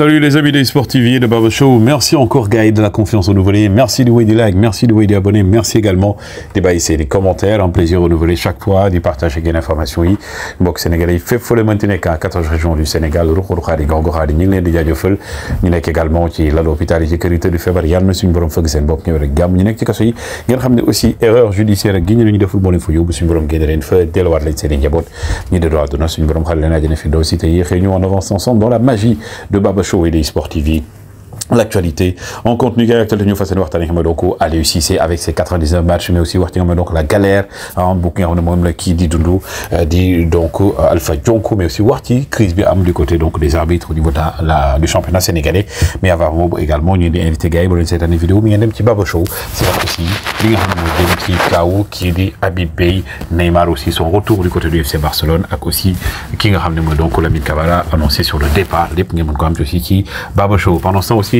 Salut les amis des sportiviers de Barbe Show. Merci encore Gaël de la confiance renouvelée. Merci de des likes, merci de des abonnés, merci également des baisser les commentaires. Un plaisir renouvelé chaque fois, de partager des informations. Box sénégalais fait folle maintenir qu'à 14 régions du Sénégal, Rukhurkhari, Gorgorkhari, Nilé de Diadjofel, Nilé également qui la l'hôpital et sécurité du février, Yann Messun Borom Fogsen Bok, Nilé Gam, Nilé Kikasoyi, Nilé Hamne aussi erreur judiciaire, Guinée l'Union de football et Fouyou, Messun Borom Guéderen Feu, Delawar Leitse Nilé Diabot, Nilé Doua Donas, Messun Borom Khalena Djenefida aussi, Tayé, Réunion en avance ensemble dans la magie de Barbe et les sportivi l'actualité. En contenu directeur actuel ñu fassel waxtaan hein, nga xam ne euh, donc avec ses 99 matchs mais aussi waxtaan nga la galère en bouquin on a même le qui dit Doudou dit donc Alpha Dionko mais aussi waxti Chris bi du côté donc des arbitres au niveau de la du championnat sénégalais mais avant également une di invité gars pour ba leen seetaan vidéo y a un petit babo Show c'est là aussi des petits xam qui dit dem Neymar aussi son retour du côté du FC Barcelone à aussi King Ramne de ne mooy donc annoncé sur le départ les premiers mën aussi qui Baba Show pendant ce temps aussi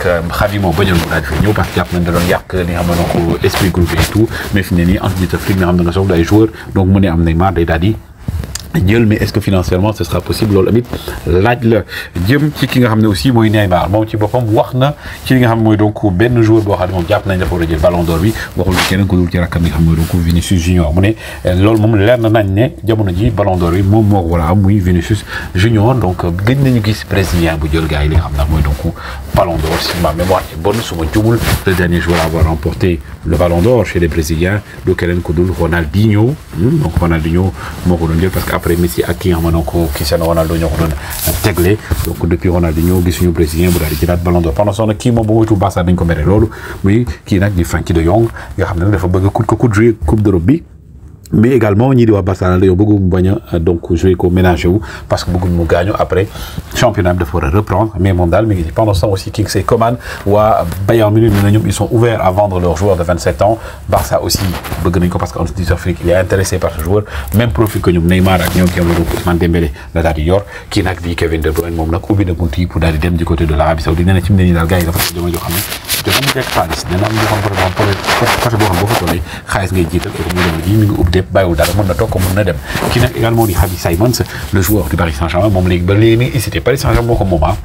je euh, Javi mu daal parce que y nañ da doon esprit et tout mais fi ne nii entre joueurs donc je ne am Neymar Dieu mais est-ce que financièrement ce sera possible loolu amit laaj la jëm ci ki nga xamné aussi moy Neymar mom ci bopam waxna ci li nga xamné moy donc ben joueur boo xam mom japp nañ dafa pour a jël ballon d'or bi waxul keneen ko dul ci rakam bi nga xam donc Vinicius Junior mu ne mom lern nañ né jamono ji ballon d'or bi moom moo ko muy Vinicius Junior donc gëj nañu gis brésilien bu jël gars li nga xamné ne donc ballon d'or si ma mémoire est bonne suma ma le dernier joueur à avoir remporté le ballon d'or chez les brésiliens do keneen ko dul Ronaldinho hmm, donc Ronaldinho moko ko doon jël parce que après Messi ak ki nga xam ne donc Cristiano Ronaldo ñoo ko doon tegle donc depuis Ronaldinho brésilien bu daal di jëlaat ballon d'or pendant ce temps kii moom bu moytu ko mere loolu muy kii nag di Frenkie de Jong nga xam ne nag dafa bëgg coupe coupe d'Europe bi mais également ni di waa Barça dañoo bëgg mu bañ donc jouer ko ménager parce que de mu gagnons après championnat de dafa reprendre mais moom mais mi ngi ci pendant ce temps aussi Kingsley Coman ou Bayern Munich nee ils sont ouverts à vendre leurs joueurs de 27 ans Barça aussi bëgg nañ ko parce que en Afrique il est intéressé par ce joueur même profil que nous Neymar ak ñoom ki am loolu Ousmane Dembélé la daal qui yor kii nag que Kevin De Bruyne moom nag ubbi na bunt pour daal di dem du côté de l'Arabie Saoudite nee na ci mu ne gars yi dafa si jamono joo xam ne dafa am njëkk xaalis dana am ñoo xam côté boo xam côté boo xam boo fa tollee xaalis ngay ngi yëpp bàyyiwul dara mën na toog comme mën na dem qui nag également di Xavi Simons le joueur du Paris Saint-Germain moom léegi ba léegi pas incité Paris Saint-Germain comme ko ah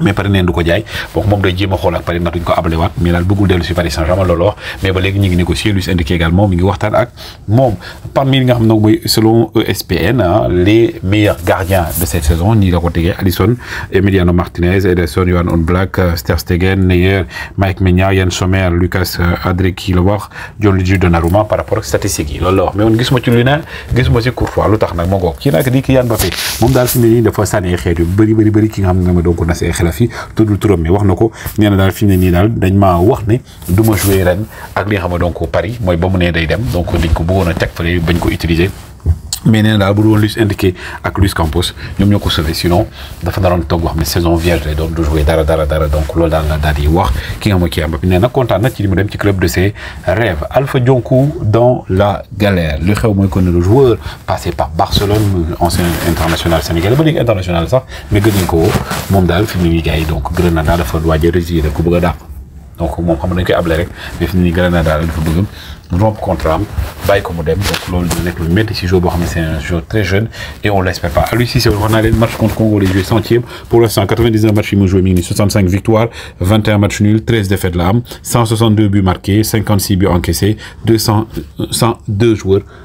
mais par exemple du ko jaay donc moom day jéem a xool ak Paris ndax duñ ko abalewaat mais là beaucoup de si Paris Saint-Germain loolu mais ba qui négocie ngi négocier lui indiqué également mi ngi waxtaan ak mom parmi les nga donc selon ESPN ah, les meilleurs gardiens de cette saison ni la ko tegee Alisson Emiliano Martinez Ederson Yohan Oblak euh, Ter Stegen Neuer Mike Maignan Yann Sommer Lucas euh, Adrian la John Gianluigi Donnarumma par rapport aux statistiques yi loolu la wax mais woon gisuma ci lu ne gisuma ci Courtois lu tax nag moo ngoog kii a di Kylian Mbappé moom daal fi mu ne nii dafa sànnee xeet yu bëri bëri bëri ki nga xam ne ma doon ko nasee tout le turam mi wax ko fi ne ni dañ Paris mais nee na daal bu Luis Enrique ak Luis Campos ñoom ñoo sauvé sinon dafa naroon toog wax mais saison vierge donc doon jouer dara dara dara donc loolu daal la daal di wax ki nga xam ne kii Mbappé nee na kontaan na ci li mu dem ci club de ses rêves Alpha Dionkou dans la galère Le xew mooy que le joueur passé par Barcelone ancien international sénégalais ba léegi international ça. mais gën nañ ko woo fi gars donc Grenada dafa waaj a résilier da bëgg a donc moom xam nañ koy able rek mais fi mu ne Grenada la dafa bëgg mu romp contrat am bàyyi ko mu donc loolu dina nekk lu métti si jour c'est un joueur très jeune et on l'espère pas lui c'est wax naa leen match contre Congo les joué centième pour l'instant 99 matchs il mu joué 65 victoires 21 matchs nuls 13 défaites de am 162 buts marqués 56 buts encaissés 200 102 joueurs.